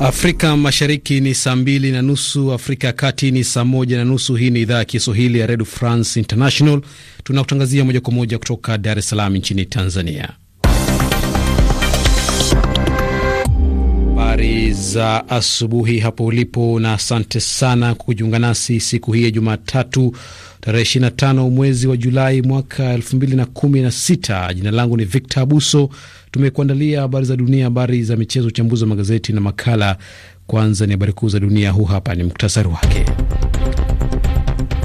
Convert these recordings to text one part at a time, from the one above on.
Afrika Mashariki ni saa mbili na nusu, Afrika ya Kati ni saa moja na nusu. Hii ni idhaa ya Kiswahili ya Redio France International, tunakutangazia moja kwa moja kutoka Dar es Salaam nchini Tanzania. Habari za asubuhi hapo ulipo, na asante sana kwa kujiunga nasi siku hii ya Jumatatu tarehe 25 mwezi wa Julai mwaka 2016. Jina langu ni Victor Abuso Tumekuandalia habari za dunia, habari za michezo, uchambuzi wa magazeti na makala. Kwanza ni habari kuu za dunia, huu hapa ni muktasari wake.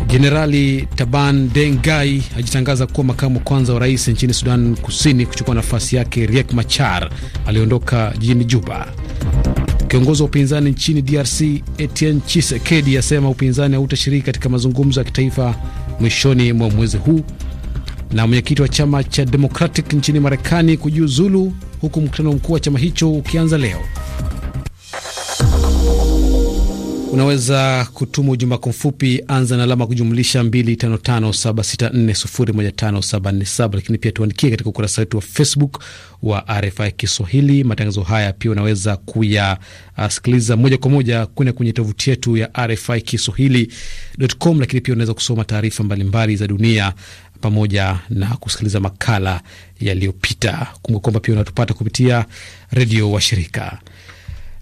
Jenerali Taban Deng Gai ajitangaza kuwa makamu wa kwanza wa rais nchini Sudan Kusini, kuchukua nafasi yake Riek Machar aliondoka jijini Juba. Kiongozi wa upinzani nchini DRC Etienne chisekedi asema upinzani hautashiriki katika mazungumzo ya kitaifa mwishoni mwa mwezi huu na mwenyekiti wa chama cha Democratic nchini Marekani kujiuzulu huku mkutano mkuu wa chama hicho ukianza leo. Unaweza kutuma ujumbe wako mfupi, anza na alama kujumlisha 255764015747, lakini pia tuandikie katika ukurasa wetu wa Facebook wa RFI Kiswahili. Matangazo haya pia unaweza kuyasikiliza moja kwa moja kwenda kwenye tovuti yetu ya RFI Kiswahili.com, lakini pia unaweza kusoma taarifa mbalimbali za dunia pamoja na kusikiliza makala yaliyopita. Kumbuka kwamba pia unatupata kupitia redio wa shirika.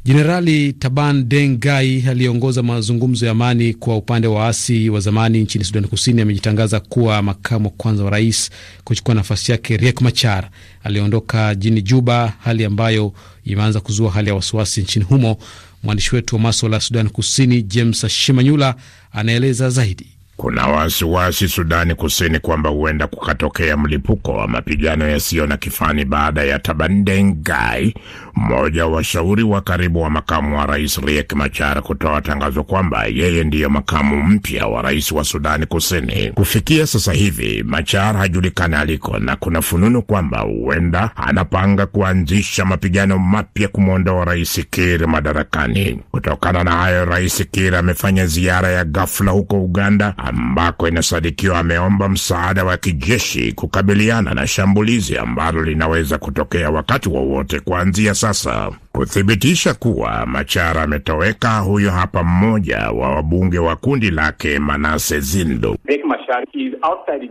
Jenerali Taban Deng Gai aliyeongoza mazungumzo ya amani kwa upande wa waasi wa zamani nchini Sudani Kusini amejitangaza kuwa makamu wa kwanza wa rais kuchukua nafasi yake Riek Machar aliyeondoka jini Juba, hali ambayo imeanza kuzua hali ya wasiwasi nchini humo. Mwandishi wetu wa maswala ya Sudani Kusini James Shimanyula anaeleza zaidi. Kuna wasiwasi Sudani Kusini kwamba huenda kukatokea mlipuko wa mapigano yasiyo na kifani baada ya tabandengai mmoja wa washauri wa karibu wa makamu wa rais Riek Machar kutoa tangazo kwamba yeye ndiyo makamu mpya wa rais wa Sudani Kusini. Kufikia sasa hivi, Machar hajulikani aliko na kuna fununu kwamba huenda anapanga kuanzisha mapigano mapya kumwondoa rais kir madarakani. Kutokana na hayo, rais kir amefanya ziara ya ghafla huko Uganda ambako inasadikiwa ameomba msaada wa kijeshi kukabiliana na shambulizi ambalo linaweza kutokea wakati wowote kuanzia sasa sasa kuthibitisha kuwa Machara ametoweka. Huyo hapa mmoja wa wabunge wa kundi lake Manase Zindo.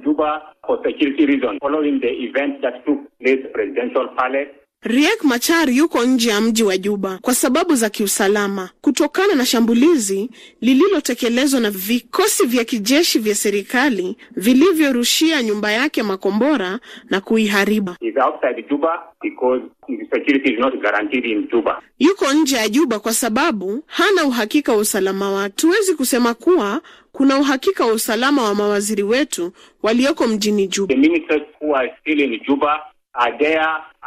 Juba for security reasons following the event that took place presidential palace Riek Machar yuko nje ya mji wa Juba kwa sababu za kiusalama kutokana na shambulizi lililotekelezwa na vikosi vya kijeshi vya serikali vilivyorushia nyumba yake makombora na kuiharibu. Yuko nje ya Juba kwa sababu hana uhakika wa usalama wake. Tuwezi kusema kuwa kuna uhakika wa usalama wa mawaziri wetu walioko mjini Juba. The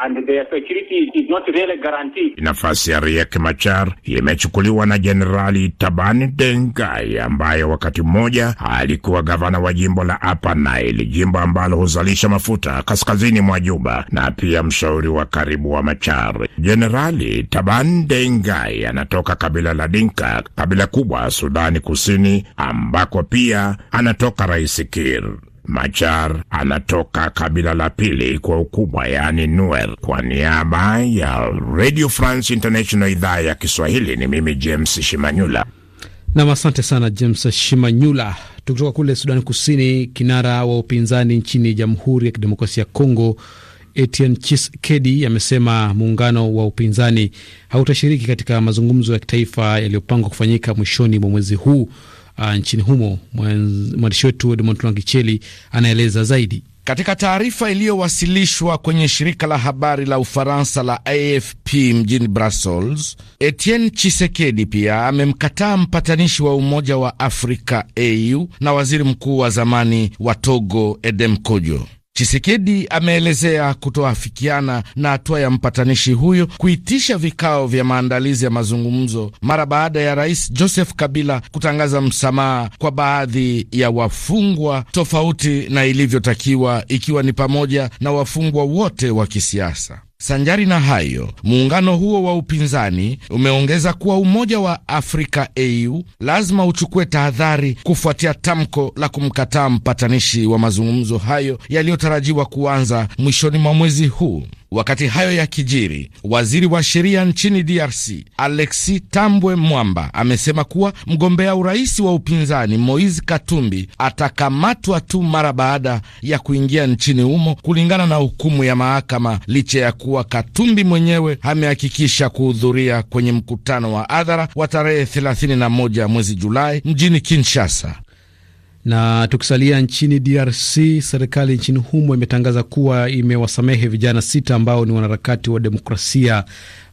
and their security is not really guaranteed. Nafasi ya Riek Machar imechukuliwa na Jenerali Tabani Dengai ambaye wakati mmoja alikuwa gavana wa jimbo la Upper Nile, jimbo ambalo huzalisha mafuta kaskazini mwa Juba na pia mshauri wa karibu wa Machar. Jenerali Taban Dengai anatoka kabila la Dinka, kabila kubwa Sudani Kusini, ambako pia anatoka Rais Kir. Machar anatoka kabila la pili kwa ukubwa, yaani Nuer. Kwa niaba ya Radio France International idhaa ya Kiswahili, ni mimi James Shimanyula. Nam, asante sana James Shimanyula. Tukitoka kule Sudani Kusini, kinara wa upinzani nchini Jamhuri ya Kidemokrasia ya Kongo Etienne Tshisekedi amesema muungano wa upinzani hautashiriki katika mazungumzo ya kitaifa yaliyopangwa kufanyika mwishoni mwa mwezi huu uh, nchini humo. Mwandishi wetu Edmond Lwangicheli anaeleza zaidi. Katika taarifa iliyowasilishwa kwenye shirika la habari la Ufaransa la AFP mjini Brussels, Etienne Chisekedi pia amemkataa mpatanishi wa Umoja wa Afrika AU na waziri mkuu wa zamani wa Togo Edem Kojo. Chisekedi ameelezea kutoafikiana na hatua ya mpatanishi huyo kuitisha vikao vya maandalizi ya mazungumzo mara baada ya rais Joseph Kabila kutangaza msamaha kwa baadhi ya wafungwa tofauti na ilivyotakiwa, ikiwa ni pamoja na wafungwa wote wa kisiasa. Sanjari na hayo, muungano huo wa upinzani umeongeza kuwa Umoja wa Afrika AU lazima uchukue tahadhari kufuatia tamko la kumkataa mpatanishi wa mazungumzo hayo yaliyotarajiwa kuanza mwishoni mwa mwezi huu. Wakati hayo ya kijiri, waziri wa sheria nchini DRC Alexi Tambwe Mwamba amesema kuwa mgombea urais wa upinzani Moise Katumbi atakamatwa tu mara baada ya kuingia nchini humo kulingana na hukumu ya mahakama, licha ya kuwa Katumbi mwenyewe amehakikisha kuhudhuria kwenye mkutano wa hadhara wa tarehe 31 mwezi Julai mjini Kinshasa. Na tukisalia nchini DRC, serikali nchini humo imetangaza kuwa imewasamehe vijana sita ambao ni wanaharakati wa demokrasia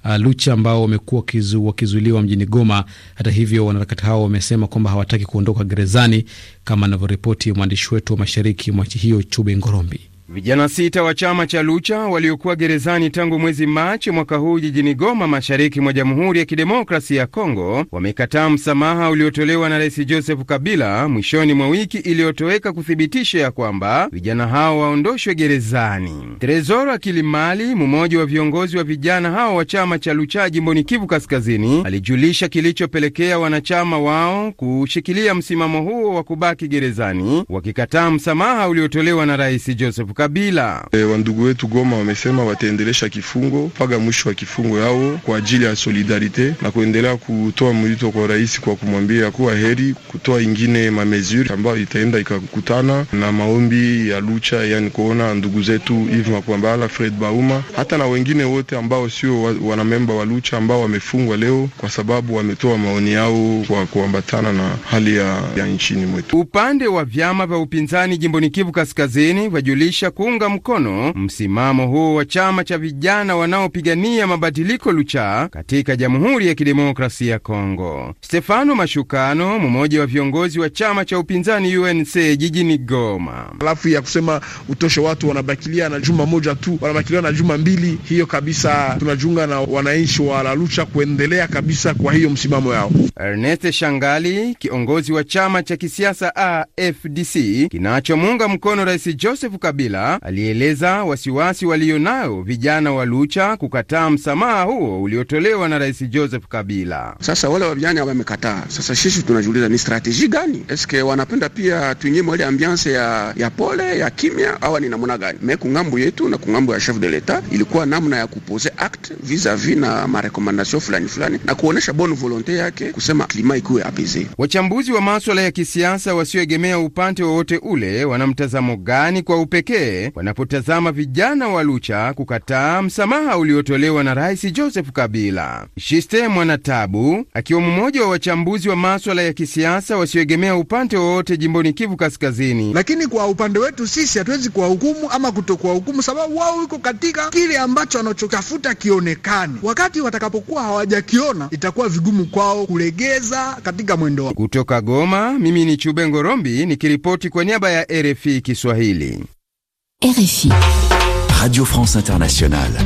uh, Lucha ambao wamekuwa kizu, wakizuiliwa mjini Goma. Hata hivyo, wanaharakati hao wamesema kwamba hawataki kuondoka gerezani, kama anavyoripoti mwandishi wetu wa mashariki mwa nchi hiyo Chube Ngorombi. Vijana sita wa chama cha Lucha waliokuwa gerezani tangu mwezi Machi mwaka huu jijini Goma, mashariki mwa Jamhuri ya Kidemokrasi ya Kongo wamekataa msamaha uliotolewa na Rais Joseph Kabila mwishoni mwa wiki iliyotoweka kuthibitisha ya kwamba vijana hao waondoshwe gerezani. Tresor Akilimali, mmoja wa viongozi wa vijana hao wa chama cha Lucha jimboni Kivu Kaskazini, alijulisha kilichopelekea wanachama wao kushikilia msimamo huo wa kubaki gerezani, wakikataa msamaha uliotolewa na Rais Joseph Kabila. E, wandugu wetu Goma wamesema wataendelesha kifungo mpaka mwisho wa kifungo yao kwa ajili ya solidarite na kuendelea kutoa mwito kwa rais kwa kumwambia kuwa heri kutoa ingine mamezuri ambayo itaenda ikakutana na maombi ya Lucha, yani kuona ndugu zetu Yves Makwambala, Fred Bauma, hata na wengine wote ambao sio wanamemba wa Lucha ambao wamefungwa leo kwa sababu wametoa maoni yao kwa kuambatana na hali ya, ya nchini mwetu. Upande wa vyama vya upinzani jimboni Kivu Kaskazini wajulisha cha kuunga mkono msimamo huo wa chama cha vijana wanaopigania mabadiliko Lucha katika Jamhuri ya Kidemokrasia ya Kongo. Stefano Mashukano, mmoja wa viongozi wa chama cha upinzani UNC jijini Goma. Alafu ya kusema utosho, watu wanabakilia na juma moja tu, wanabakilia na juma mbili, hiyo kabisa tunajiunga na wananchi wa Lalucha kuendelea kabisa kwa hiyo msimamo yao. Ernest Shangali, kiongozi wa chama cha kisiasa AFDC kinachomuunga mkono Rais Joseph Kabila Mandela alieleza wasiwasi nayo vijana wa Lucha kukataa msamaha huo uliotolewa na Rais Joseph Kabila. Sasa wale vijana wamekataa. Sasa sisi tunajiuliza ni strateji gani? Eske wanapenda pia tuinyima ile ambiance ya, ya pole ya kimya awa ni namna gani? Me kungambo yetu na kungambo ya chef de l'etat ilikuwa namna ya kupose act vis-a-vis na marekomandasyon fulani fulani na kuonyesha bonne volonte yake kusema klima ikuwe apese. Wachambuzi wa maswala ya kisiasa wasioegemea upande wowote ule wanamtazamo gani kwa upekee wazee wanapotazama vijana wa Lucha kukataa msamaha uliotolewa na Rais Joseph Kabila. Shiste Mwanatabu akiwa mmoja wa wachambuzi wa maswala ya kisiasa wasioegemea upande wowote jimboni Kivu Kaskazini. Lakini kwa upande wetu sisi hatuwezi kuwahukumu ama kutokuwahukumu, sababu wao iko katika kile ambacho wanachotafuta kionekane. Wakati watakapokuwa hawajakiona itakuwa vigumu kwao kulegeza katika mwendo wao. Kutoka Goma, mimi ni Chube Ngorombi nikiripoti kwa niaba ya RFI Kiswahili. RFI. Radio France Internationale.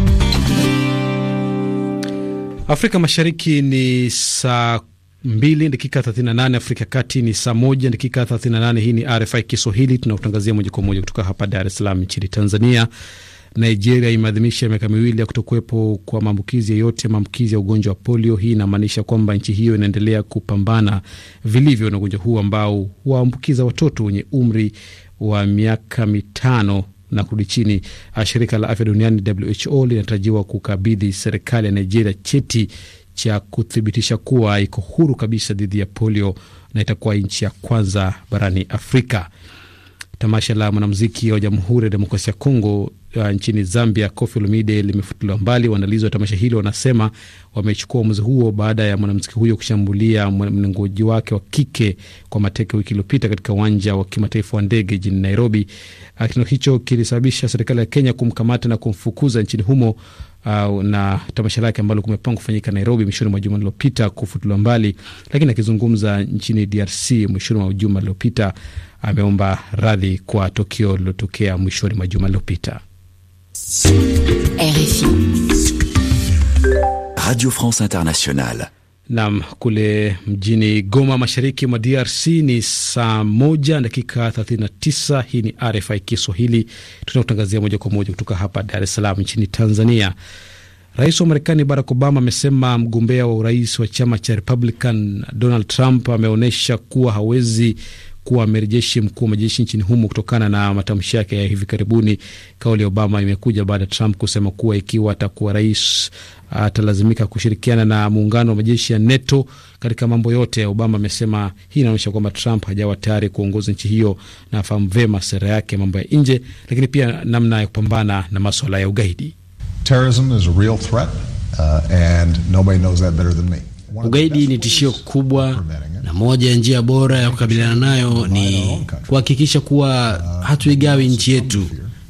Afrika Mashariki ni saa 2 dakika 38, Afrika Kati ni saa 1 dakika 38. Hii ni RFI Kiswahili, tunakutangazia moja kwa moja kutoka hapa Dar es Salaam nchini Tanzania. Nigeria imeadhimisha miaka miwili ya kutokuwepo kwa maambukizi yeyote maambukizi ya ugonjwa wa polio. Hii inamaanisha kwamba nchi hiyo inaendelea kupambana vilivyo na ugonjwa huu ambao waambukiza watoto wenye umri wa miaka mitano na kurudi chini. Ah, shirika la afya duniani WHO linatarajiwa kukabidhi serikali ya Nigeria cheti cha kuthibitisha kuwa iko huru kabisa dhidi ya polio na itakuwa nchi ya kwanza barani Afrika. Tamasha la mwanamuziki wa Jamhuri ya Demokrasia ya Kongo uh, nchini Zambia, Koffi Olomide limefutuliwa mbali. Waandalizi wa tamasha hilo wanasema wamechukua uamuzi huo baada ya mwanamuziki huyo kushambulia mlingoji wake wa kike kwa mateke wiki iliyopita katika uwanja wa kimataifa wa ndege jijini Nairobi. Uh, kitendo hicho kilisababisha serikali ya Kenya kumkamata na kumfukuza nchini humo. Uh, na tamasha lake ambalo kumepangwa kufanyika Nairobi mwishoni mwa juma lililopita kufutuliwa mbali, lakini akizungumza nchini DRC mwishoni mwa juma lililopita ameomba radhi kwa tukio lililotokea mwishoni mwa juma lililopita. RFI Radio France Internationale. Nam, kule mjini Goma mashariki mwa DRC ni saa moja dakika 39. Hii ni RFI Kiswahili, tunakutangazia moja kwa moja kutoka hapa Dar es Salaam nchini Tanzania. Rais wa Marekani Barack Obama amesema mgombea wa urais wa chama cha Republican Donald Trump ameonyesha kuwa hawezi kuwa merejeshi mkuu wa majeshi nchini humo kutokana na matamshi yake ya hivi karibuni. Kauli ya Obama imekuja baada ya Trump kusema kuwa ikiwa atakuwa rais atalazimika kushirikiana na muungano wa majeshi ya NATO katika mambo yote. Obama amesema hii inaonyesha kwamba Trump hajawa tayari kuongoza nchi hiyo na afahamu vema sera yake mambo ya nje, lakini pia namna ya kupambana na maswala ya ugaidi. Terrorism is a real threat, uh, and nobody knows that better than me. Ugaidi ni tishio kubwa, na moja ya njia bora ya kukabiliana nayo ni kuhakikisha kuwa uh, hatuigawi nchi yetu,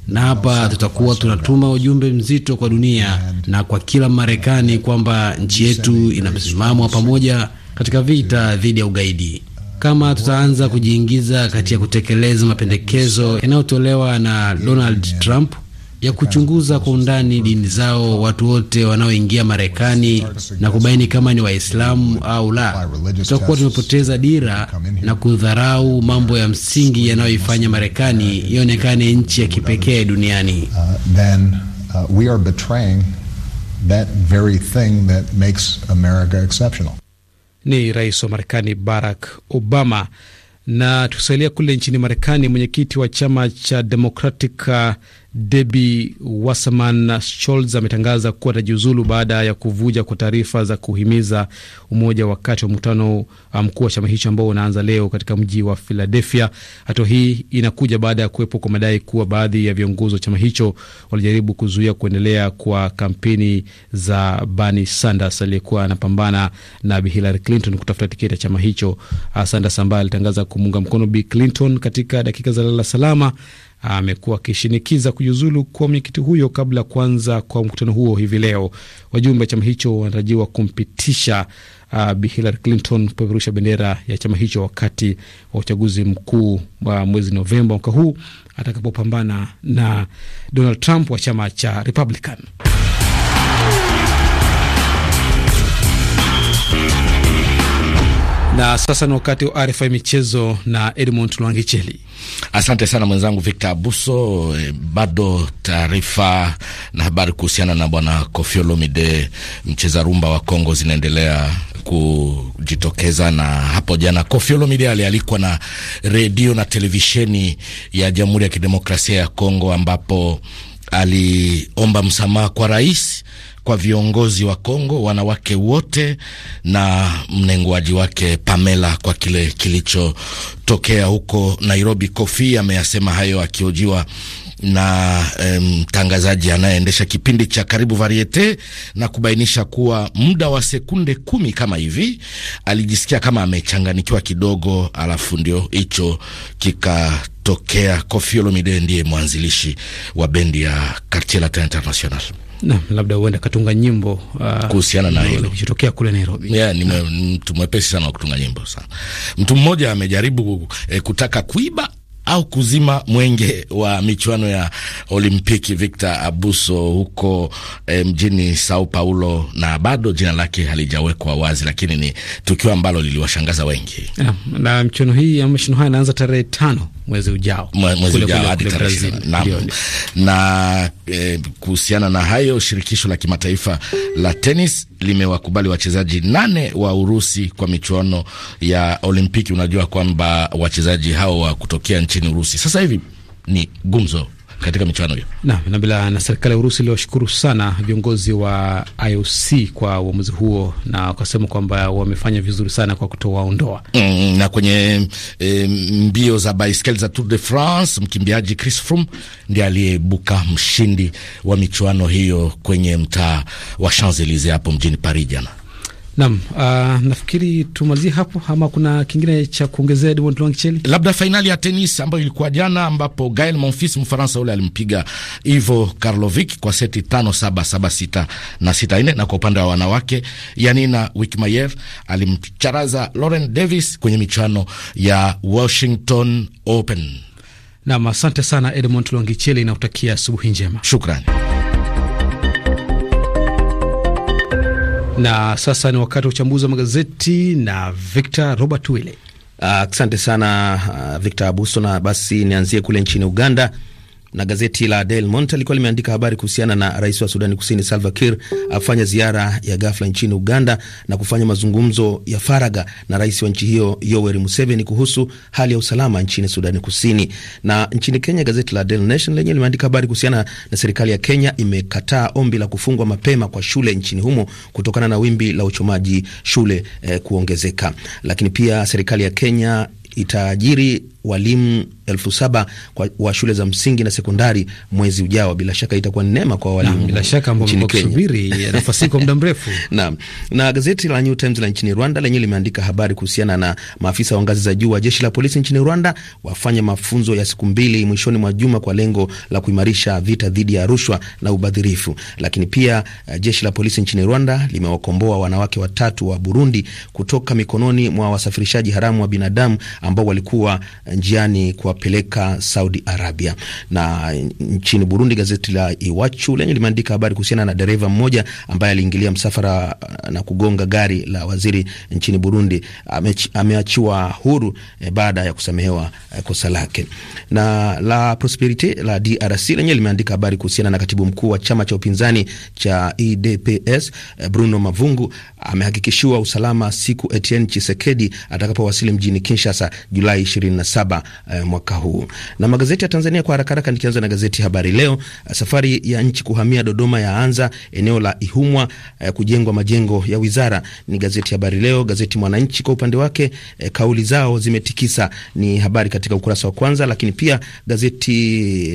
na hapa tutakuwa tunatuma ujumbe mzito kwa dunia na kwa kila Marekani kwamba nchi yetu ina msimamo wa pamoja katika vita dhidi ya ugaidi. Kama uh, tutaanza kujiingiza kati ya kutekeleza mapendekezo yanayotolewa na Donald Trump ya kuchunguza kwa undani dini zao watu wote wanaoingia Marekani na kubaini kama ni Waislamu au la, tutakuwa tumepoteza dira na kudharau mambo ya msingi yanayoifanya Marekani ionekane nchi ya kipekee duniani. Uh, uh, ni rais wa Marekani Barack Obama. Na tukisalia kule nchini Marekani, mwenyekiti wa chama cha Democratic uh, Debi Wasserman Scholz ametangaza kuwa atajiuzulu baada ya kuvuja kwa taarifa za kuhimiza umoja wakati wa mkutano um, mkuu wa chama hicho ambao unaanza leo katika mji wa Philadelphia. Hatua hii inakuja baada ya kuwepo kwa madai kuwa baadhi ya viongozi wa chama hicho walijaribu kuzuia kuendelea kwa kampeni za Bernie Sanders aliyekuwa anapambana na Bi Hillary Clinton kutafuta tiketi ya chama hicho. Uh, Sanders ambaye alitangaza kumuunga mkono Bi Clinton katika dakika za lala salama amekuwa akishinikiza kujiuzulu kwa mwenyekiti huyo kabla ya kuanza kwa mkutano huo hivi leo. Wajumbe wa chama hicho wanatarajiwa kumpitisha uh, Bi Hillary Clinton kupeperusha bendera ya chama hicho wakati wa uchaguzi mkuu wa mwezi Novemba mwaka huu atakapopambana na Donald Trump wa chama cha Republican. Na sasa ni wakati wa RFI michezo na Edmond Lwangicheli. Asante sana mwenzangu Victor Abuso. E, bado taarifa na habari kuhusiana na bwana Koffi Olomide, mcheza rumba wa Kongo, zinaendelea kujitokeza na hapo jana Koffi Olomide alialikwa na redio na televisheni ya Jamhuri ya Kidemokrasia ya Kongo ambapo aliomba msamaha kwa rais kwa viongozi wa Kongo, wanawake wote, na mnenguaji wake Pamela kwa kile kilichotokea huko Nairobi. Kofi ameyasema hayo akiojiwa na mtangazaji um, anayeendesha kipindi cha Karibu Variete na kubainisha kuwa muda wa sekunde kumi kama hivi alijisikia kama amechanganikiwa kidogo, alafu ndio hicho kikatokea. Koffi Olomide ndiye mwanzilishi wa bendi ya Quartier Latin International. Naam, labda huenda katunga nyimbo uh, kuhusiana na hilo kilichotokea kule Nairobi. Yeah, ni mtu mwepesi sana wa kutunga nyimbo sana. Mtu mmoja amejaribu eh, kutaka kuiba au kuzima mwenge wa michuano ya Olimpiki Victor Abuso huko eh, mjini Sao Paulo, na bado jina lake halijawekwa wazi, lakini ni tukio ambalo liliwashangaza wengi na, na mchuano hii ya mashindano haya tarehe tano mwezi ujao, mwezi ujao hadi tarehe na, na eh, kuhusiana na hayo, shirikisho la kimataifa la tenis limewakubali wachezaji nane wa Urusi kwa michuano ya Olimpiki. Unajua kwamba wachezaji hao wa kutokea nchini Urusi sasa hivi ni gumzo katika michuano hiyo. Naam, na bila na serikali ya Urusi iliwashukuru sana viongozi wa IOC kwa uamuzi huo na wakasema kwamba wamefanya vizuri sana kwa kutowaondoa. Mm, na kwenye e, mbio za baiskeli za Tour de France mkimbiaji Chris Froome ndiye aliyebuka mshindi wa michuano hiyo kwenye mtaa wa Champs-Elysees hapo mjini Paris jana. Naam, uh, nafikiri tumalizie hapo ama kuna kingine cha kuongezea Edmond Lwangicheli? Labda fainali ya tenis ambayo ilikuwa jana ambapo Gael Monfils Mfaransa ule alimpiga Ivo Karlovic kwa seti tano saba saba sita na sita nne na kwa upande wa wanawake Yanina Wickmayer alimcharaza Lauren Davis kwenye michuano ya Washington Open. Naam, asante sana Edmond Lwangicheli na kutakia asubuhi njema. Shukrani. Na sasa ni wakati wa uchambuzi wa magazeti na Victor Robert Wile. Asante uh, sana uh, Victor Abuso, na basi nianzie kule nchini Uganda na gazeti la Daily Monitor limeandika habari kuhusiana na rais wa Sudani Kusini Salva Kiir afanya ziara ya ghafla nchini Uganda na kufanya mazungumzo ya faraga na rais wa nchi hiyo Yoweri Museveni kuhusu hali ya usalama nchini Sudani Kusini. Na nchini Kenya, gazeti la Del Nation lenyewe limeandika habari kuhusiana na serikali ya Kenya imekataa ombi la kufungwa mapema kwa shule nchini humo kutokana na wimbi la uchomaji shule eh, kuongezeka. Lakini pia serikali ya Kenya itaajiri walimu elfu saba kwa, wa shule za msingi na sekondari mwezi ujao. Bila shaka itakuwa neema kwa walimu bila shaka ambao wamesubiri nafasi kwa muda mrefu. Naam, na gazeti la New Times la nchini Rwanda lenyewe limeandika habari kuhusiana na maafisa wa ngazi za juu wa jeshi la polisi nchini Rwanda wafanya mafunzo ya siku mbili mwishoni mwa juma kwa lengo la kuimarisha vita dhidi ya rushwa na ubadhirifu. Lakini pia uh, jeshi la polisi nchini Rwanda limewakomboa wanawake watatu wa Burundi kutoka mikononi mwa wasafirishaji haramu wa binadamu ambao walikuwa uh, njiani kuwapeleka Saudi Arabia. Na nchini Burundi, gazeti la Iwachu lenye limeandika habari kuhusiana na dereva mmoja ambaye aliingilia msafara uh, na kugonga gari la waziri nchini Burundi. Ameachiwa huru e, baada ya kusamehewa e, kosa lake. Na la Prosperity la DRC lenye limeandika habari kuhusiana na katibu mkuu wa chama cha upinzani cha EDPS eh, Bruno Mavungu amehakikishiwa usalama siku Etienne Chisekedi atakapowasili mjini Kinshasa Julai 27 eh, mwaka huu. Na magazeti ya Tanzania kwa haraka haraka, nikianza na gazeti Habari Leo, eh, safari ya nchi kuhamia Dodoma yaanza, eneo la Ihumwa eh, kujengwa majengo ya wizara, ni gazeti Habari Leo. Gazeti Mwananchi kwa upande wake kauli zao zimetikisa, ni habari katika ukurasa wa kwanza, lakini pia gazeti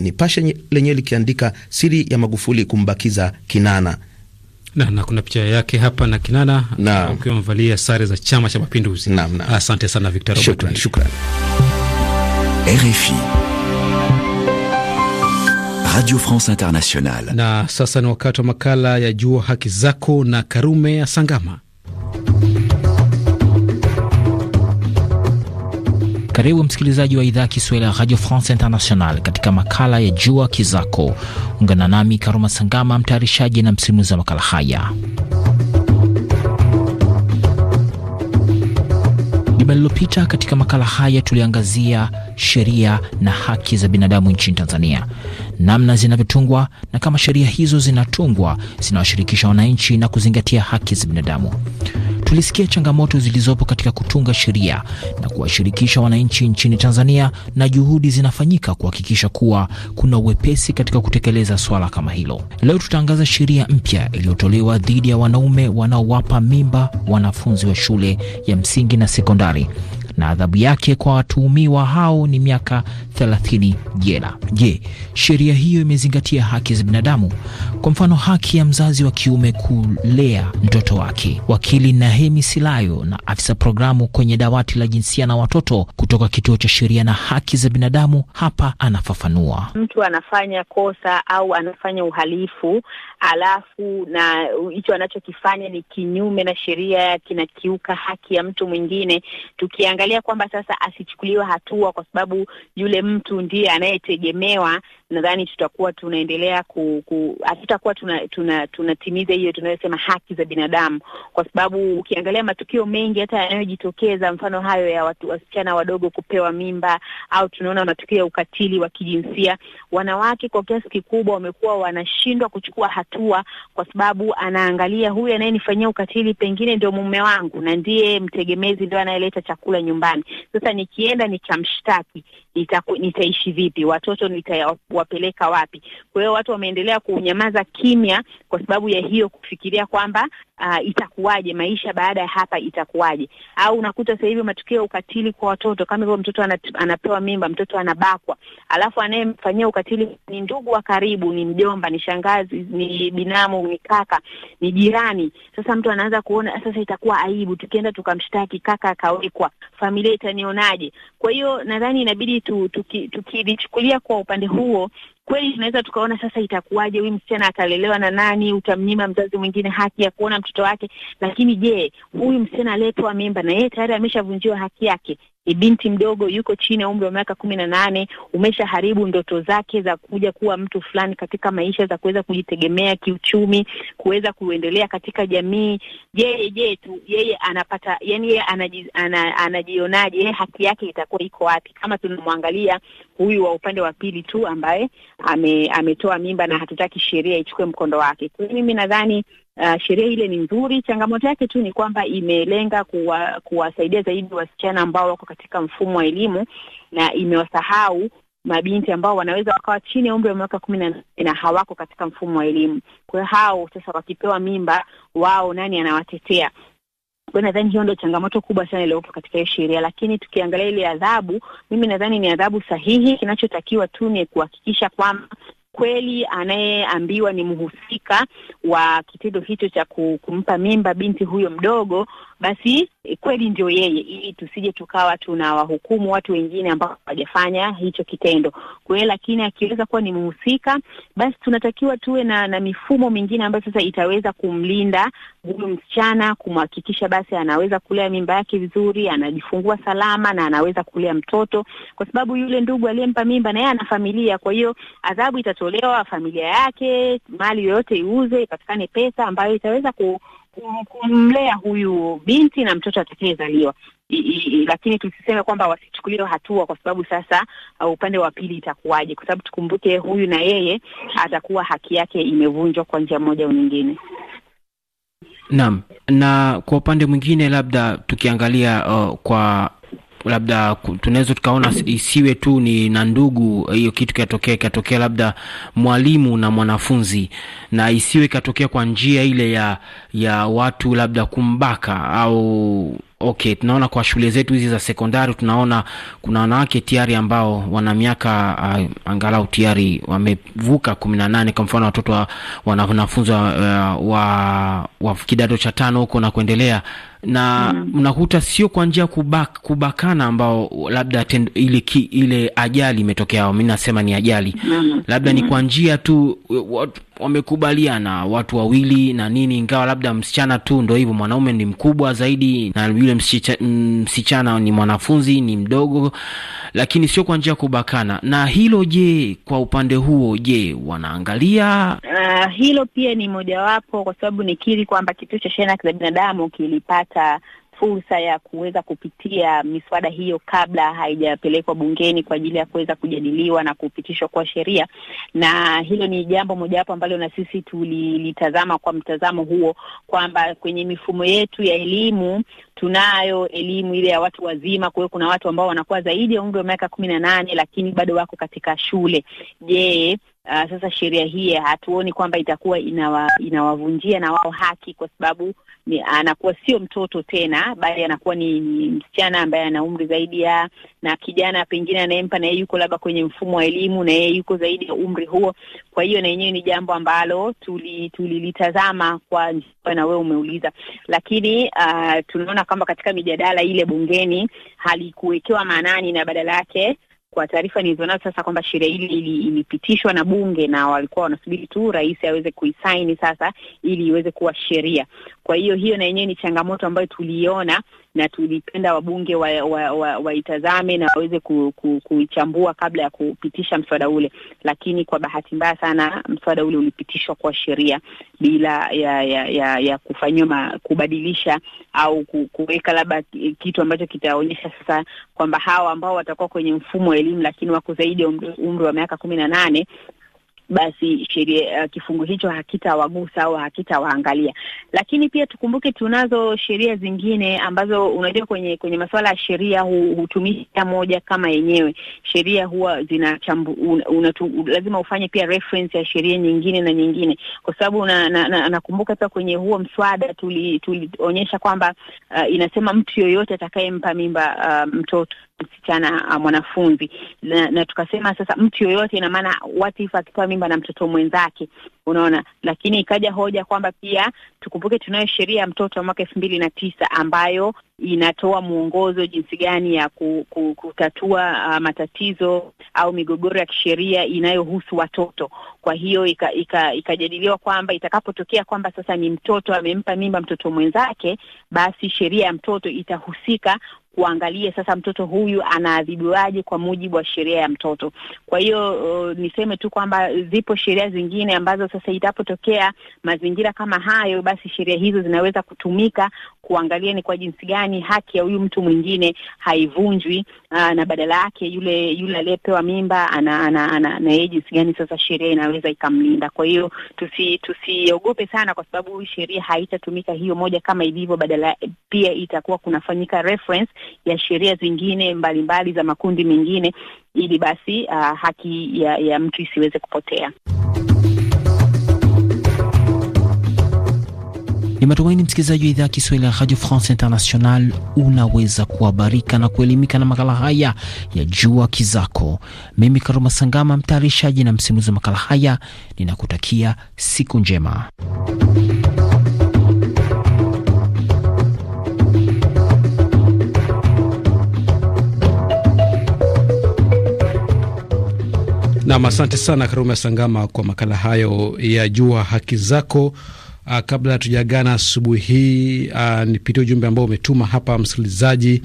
Nipashe lenyewe likiandika siri ya Magufuli kumbakiza Kinana na, na kuna picha yake hapa na Kinana ukiwa amevalia sare za Chama cha Mapinduzi. Asante sana Victor Robert. Shukrani. RFI Radio France Internationale. Na sasa ni wakati wa makala ya Jua Haki Zako na Karume Asangama. Karibu msikilizaji wa idhaa ya Kiswahili ya Radio France International katika makala ya Jua Kizako. Ungana nami Karuma Sangama, mtayarishaji na msimuzi wa makala haya. Juma lililopita katika makala haya tuliangazia sheria na haki za binadamu nchini Tanzania, namna zinavyotungwa na kama sheria hizo zinatungwa zinawashirikisha wananchi na kuzingatia haki za binadamu tulisikia changamoto zilizopo katika kutunga sheria na kuwashirikisha wananchi nchini Tanzania, na juhudi zinafanyika kuhakikisha kuwa kuna uwepesi katika kutekeleza swala kama hilo. Leo tutaangaza sheria mpya iliyotolewa dhidi ya wanaume wanaowapa mimba wanafunzi wa shule ya msingi na sekondari na adhabu yake kwa watuhumiwa hao ni miaka 30 jela. Je, sheria hiyo imezingatia haki za binadamu? Kwa mfano, haki ya mzazi wa kiume kulea mtoto wake. Wakili Nahemi Silayo na afisa programu kwenye dawati la jinsia na watoto kutoka kituo cha sheria na haki za binadamu hapa anafafanua. Mtu anafanya kosa au anafanya uhalifu alafu na hicho anachokifanya ni kinyume na sheria, kinakiuka haki ya mtu mwingine tukiangalia kuangalia kwamba sasa asichukuliwe hatua, kwa sababu yule mtu ndiye anayetegemewa nadhani tutakuwa tunaendelea ku, ku hatutakuwa tunatimiza tuna, tuna, hiyo tunayosema haki za binadamu, kwa sababu ukiangalia matukio mengi hata yanayojitokeza, mfano hayo ya watu wasichana wadogo kupewa mimba, au tunaona matukio ya ukatili wa kijinsia, wanawake kwa kiasi kikubwa wamekuwa wanashindwa kuchukua hatua, kwa sababu anaangalia huyu anayenifanyia ukatili pengine ndio mume wangu na ndiye mtegemezi, ndio anayeleta chakula nyumbani. Sasa nikienda nikamshtaki nitaku, nitaishi vipi? Watoto nitawapeleka wapi? Kwa hiyo watu wameendelea kunyamaza kimya kwa sababu ya hiyo kufikiria kwamba uh, itakuwaje maisha baada ya hapa itakuwaje? Au unakuta sasa hivi matukio ya ukatili kwa watoto kama hivyo, mtoto anapewa mimba, mtoto anabakwa, alafu anayemfanyia ukatili ni ndugu wa karibu, ni mjomba, ni shangazi, ni binamu, ni kaka, ni jirani. Sasa mtu anaanza kuona sasa itakuwa aibu tukienda tukamshtaki kaka akawekwa, familia itanionaje? Kwa hiyo nadhani inabidi tukivichukulia tuki, tuki kwa upande huo kweli tunaweza tukaona sasa itakuwaje, huyu msichana atalelewa na nani? Utamnyima mzazi mwingine haki ya kuona mtoto wake. Lakini je, huyu msichana aliyetoa mimba na yeye tayari ameshavunjiwa haki yake, ni binti mdogo, yuko chini ya umri wa miaka kumi na nane, umeshaharibu ndoto zake za kuja kuwa mtu fulani katika maisha, za kuweza kujitegemea kiuchumi, kuweza kuendelea katika jamii. Yeye je tu yeye anapata yani, yeye anaji, ana, anajionaje? Yeye haki yake itakuwa iko wapi kama tunamwangalia huyu wa upande wa pili tu ambaye ame, ametoa mimba na hatutaki sheria ichukue mkondo wake? Kwa hiyo mimi nadhani Uh, sheria ile ni nzuri. Changamoto yake tu ni kwamba imelenga kuwa, kuwasaidia zaidi wasichana ambao wako katika mfumo wa elimu na imewasahau mabinti ambao wanaweza wakawa chini ya umri wa miaka kumi na nane na hawako katika mfumo wa elimu. Kwa hiyo hao sasa wakipewa mimba, wao nani anawatetea? Kwa nadhani hiyo ndio changamoto kubwa sana iliyopo katika hiyo sheria, lakini tukiangalia ile adhabu, mimi nadhani ni adhabu sahihi. Kinachotakiwa tu ni kuhakikisha kwamba kweli anayeambiwa ni mhusika wa kitendo hicho cha kumpa mimba binti huyo mdogo basi kweli ndio yeye, ili tusije tukawa tunawahukumu watu wengine ambao hawajafanya hicho kitendo. Kwa lakini akiweza kuwa ni mhusika, basi tunatakiwa tuwe na, na mifumo mingine ambayo sasa itaweza kumlinda huyu msichana, kumhakikisha basi anaweza kulea mimba yake vizuri, anajifungua salama na anaweza kulea mtoto, kwa sababu yule ndugu aliyempa mimba na yeye ana familia. Kwa hiyo, adhabu itatolewa, familia yake, mali yoyote iuze, ipatikane pesa ambayo itaweza ku kumlea huyu binti na mtoto atakayezaliwa. lakini tusiseme kwamba wasichukuliwe hatua kwa sababu sasa uh, upande wa pili itakuwaje? Kwa sababu tukumbuke huyu na yeye atakuwa haki yake imevunjwa kwa njia moja au nyingine. Naam, na kwa upande mwingine labda tukiangalia uh, kwa labda tunaweza tukaona isiwe tu ni na ndugu, hiyo kitu katokea ikatokea labda mwalimu na mwanafunzi, na isiwe ikatokea kwa njia ile ya ya watu labda kumbaka au Okay, tunaona kwa shule zetu hizi za sekondari tunaona kuna wanawake tiari ambao wana miaka uh, angalau tiari wamevuka kumi na nane. Kwa mfano watoto wa wanafunzi wa, eh, wa, wa kidato cha tano huko na kuendelea na mm. sio kwa njia kubak, kubakana ambao labda tendo, ile, ki, ile ajali imetokea. mi nasema ni ajali mm. labda mm. ni mhm. kwa njia tu wamekubaliana watu wawili na nini, ingawa labda msichana tu ndo hivyo, mwanaume ni mkubwa zaidi na yule msichana ni mwanafunzi ni mdogo, lakini sio kwa njia kubakana. Na hilo je, kwa upande huo je, wanaangalia uh, hilo pia ni mojawapo, kwa sababu nikiri kwamba kituo cha sheria za binadamu kilipata kupata fursa ya kuweza kupitia miswada hiyo kabla haijapelekwa bungeni kwa ajili ya kuweza kujadiliwa na kupitishwa kwa sheria, na hilo ni jambo mojawapo ambalo na sisi tulilitazama kwa mtazamo huo kwamba kwenye mifumo yetu ya elimu tunayo elimu ile ya watu wazima. Kwa hiyo kuna watu ambao wanakuwa zaidi ya umri wa miaka kumi na nane lakini bado wako katika shule. Je, Uh, sasa sheria hii hatuoni kwamba itakuwa inawa, inawavunjia na wao haki, kwa sababu ni, anakuwa sio mtoto tena, bali anakuwa ni, ni msichana ambaye ana umri zaidi ya na kijana pengine anayempa na yeye yuko labda kwenye mfumo wa elimu na yeye yuko zaidi ya umri huo. Kwa hiyo na yenyewe ni jambo ambalo tulilitazama tuli kwa njia na wewe umeuliza, lakini uh, tunaona kwamba katika mijadala ile bungeni halikuwekewa maanani na badala yake kwa taarifa nilizonazo sasa kwamba sheria hili ilipitishwa na bunge na walikuwa wanasubiri tu rais aweze kuisaini sasa ili iweze kuwa sheria. Kwa hiyo hiyo na yenyewe ni changamoto ambayo tuliiona na tulipenda wabunge waitazame wa, wa, wa na waweze kuichambua ku, kuichambua kabla ya kupitisha mswada ule, lakini kwa bahati mbaya sana mswada ule ulipitishwa kwa sheria bila ya ya, ya, ya kufanyiwa kubadilisha au kuweka labda kitu ambacho kitaonyesha sasa kwamba hawa ambao watakuwa kwenye mfumo wa elimu lakini wako zaidi ya umri wa miaka kumi na nane basi sheria uh, kifungu hicho hakitawagusa au hakitawaangalia. Lakini pia tukumbuke tunazo sheria zingine ambazo unajua kwenye kwenye masuala ya sheria hu, hutumia moja kama yenyewe. Sheria huwa zina chambu, un, unatu, lazima ufanye pia reference ya sheria nyingine na nyingine, kwa sababu nakumbuka na, na, pia kwenye huo mswada tulionyesha tuli kwamba uh, inasema mtu yoyote atakayempa mimba uh, mtoto msichana ah, mwanafunzi na, na tukasema sasa mtu yoyote, ina maana what akitoa mimba na mtoto mwenzake, unaona. Lakini ikaja hoja kwamba pia tukumbuke tunayo sheria ya mtoto ya mwaka elfu mbili na tisa ambayo inatoa mwongozo jinsi gani ya ku, ku, kutatua uh, matatizo au migogoro ya kisheria inayohusu watoto. Kwa hiyo ikajadiliwa ika, kwamba itakapotokea kwamba sasa ni mtoto amempa mimba mtoto mwenzake, basi sheria ya mtoto itahusika kuangalia sasa mtoto huyu anaadhibiwaje kwa mujibu wa sheria ya mtoto. Kwa hiyo uh, niseme tu kwamba zipo sheria zingine ambazo sasa itapotokea mazingira kama hayo, basi sheria hizo zinaweza kutumika kuangalia ni kwa jinsi gani haki ya huyu mtu mwingine haivunjwi, uh, na badala yake yule yule aliyepewa mimba ana, ana, ana, na yeye jinsi gani sasa sheria inaweza ikamlinda. Kwa hiyo tusi tusiogope sana, kwa sababu sheria haitatumika hiyo moja kama ilivyo, badala pia itakuwa kunafanyika reference ya sheria zingine mbalimbali mbali za makundi mengine, ili basi uh, haki ya, ya mtu isiweze kupotea. Ni matumaini msikilizaji wa idhaa ya Kiswahili ya Radio France International unaweza kuhabarika na kuelimika na makala haya ya Jua Kizako. Mimi Karuma Sangama, mtayarishaji na msimulizi wa makala haya, ninakutakia siku njema. Nam, asante sana Karume Sangama kwa makala hayo ya Jua Haki Zako. Uh, kabla hatujagana asubuhi hii uh, ah, nipitie ujumbe ambao umetuma hapa msikilizaji.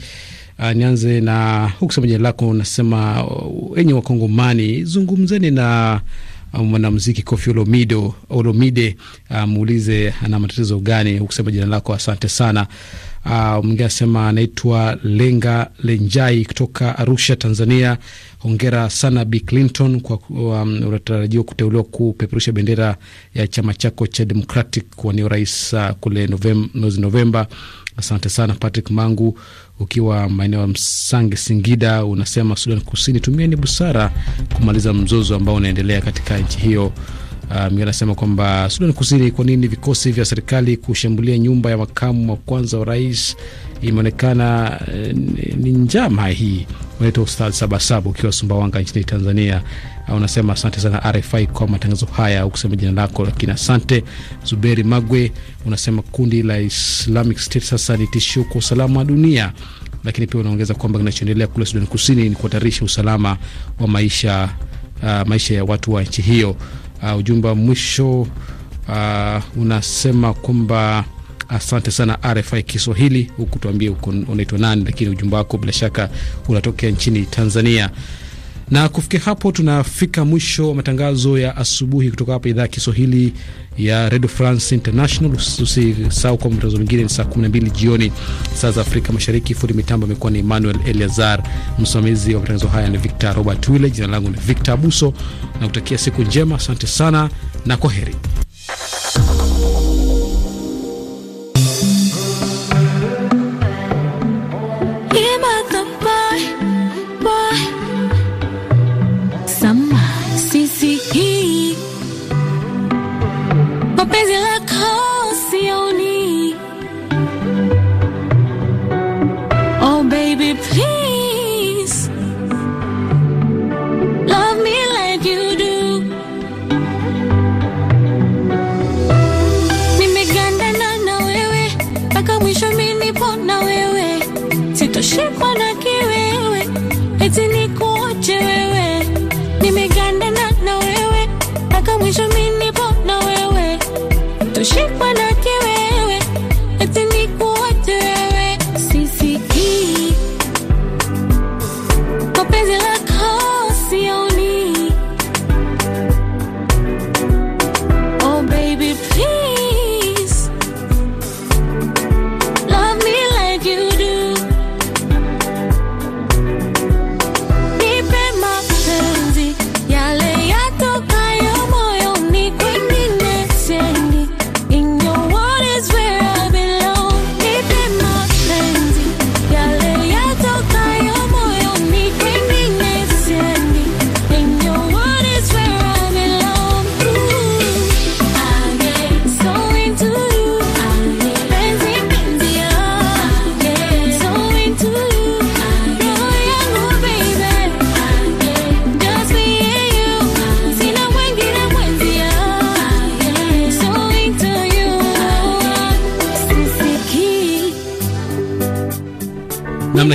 Uh, nianze na hukusema jina lako, unasema uh, enye Wakongomani, zungumzeni na uh, mwanamuziki um, Kofi Olomide, uh, muulize ana matatizo gani. Hukusema jina lako, asante sana. Ah, mwingine anasema anaitwa Lenga Lenjai kutoka Arusha, Tanzania. Hongera sana Bi Clinton kwa um, unatarajiwa kuteuliwa kupeperusha bendera ya chama chako cha Democratic kuwania urais uh, ah, kule mwezi Novemba. Asante sana Patrick Mangu ukiwa maeneo ya Msange, Singida. Unasema Sudan Kusini, tumieni busara kumaliza mzozo ambao unaendelea katika nchi hiyo. Um, anasema kwamba Sudan Kusini, kwa nini vikosi vya serikali kushambulia nyumba ya makamu wa kwanza wa rais? Imeonekana eh, ni njama hii. Unaitwa Ustadh Sabasabu ukiwa Sumbawanga nchini Tanzania. Uh, unasema asante sana RFI kwa matangazo haya, ukusema jina lako lakini asante. Zuberi Magwe unasema kundi la Islamic State sasa ni tishio kwa usalama wa dunia, lakini pia unaongeza kwamba kinachoendelea kule Sudani Kusini ni kuhatarisha usalama wa maisha, uh, maisha ya watu wa nchi hiyo. Uh, ujumbe wa mwisho uh, unasema kwamba asante sana RFI Kiswahili, huku tuambie unaitwa nani, lakini ujumbe wako bila shaka unatokea nchini Tanzania. Na kufikia hapo tunafika mwisho wa matangazo ya asubuhi kutoka hapa idhaa ya Kiswahili ya Radio France International. Usisahau kwa matangazo mengine ni saa 12 jioni saa za Afrika Mashariki. Fundi mitambo amekuwa ni Emmanuel Eliazar, msimamizi wa matangazo haya ni Victor Robert Wille. Jina langu ni Victor Abuso na kutakia siku njema. Asante sana na kwa heri.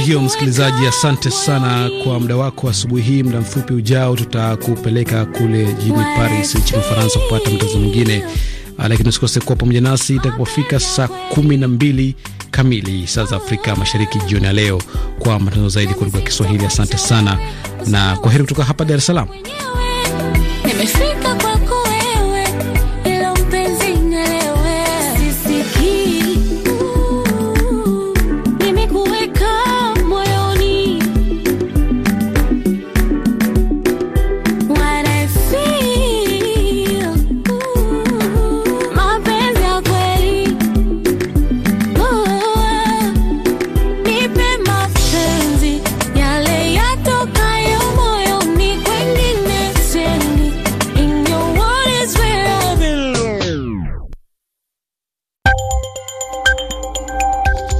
hiyo, msikilizaji, asante sana kwa muda wako asubuhi hii. Muda mfupi ujao, tutakupeleka kule jijini Paris nchini Ufaransa kupata mtazo mwingine, ah, lakini usikose kuwa pamoja nasi itakapofika saa kumi na mbili kamili saa za Afrika Mashariki jioni ya leo kwa matangazo zaidi kwa lugha ya Kiswahili. Asante sana na kwa heri kutoka hapa Dar es Salaam.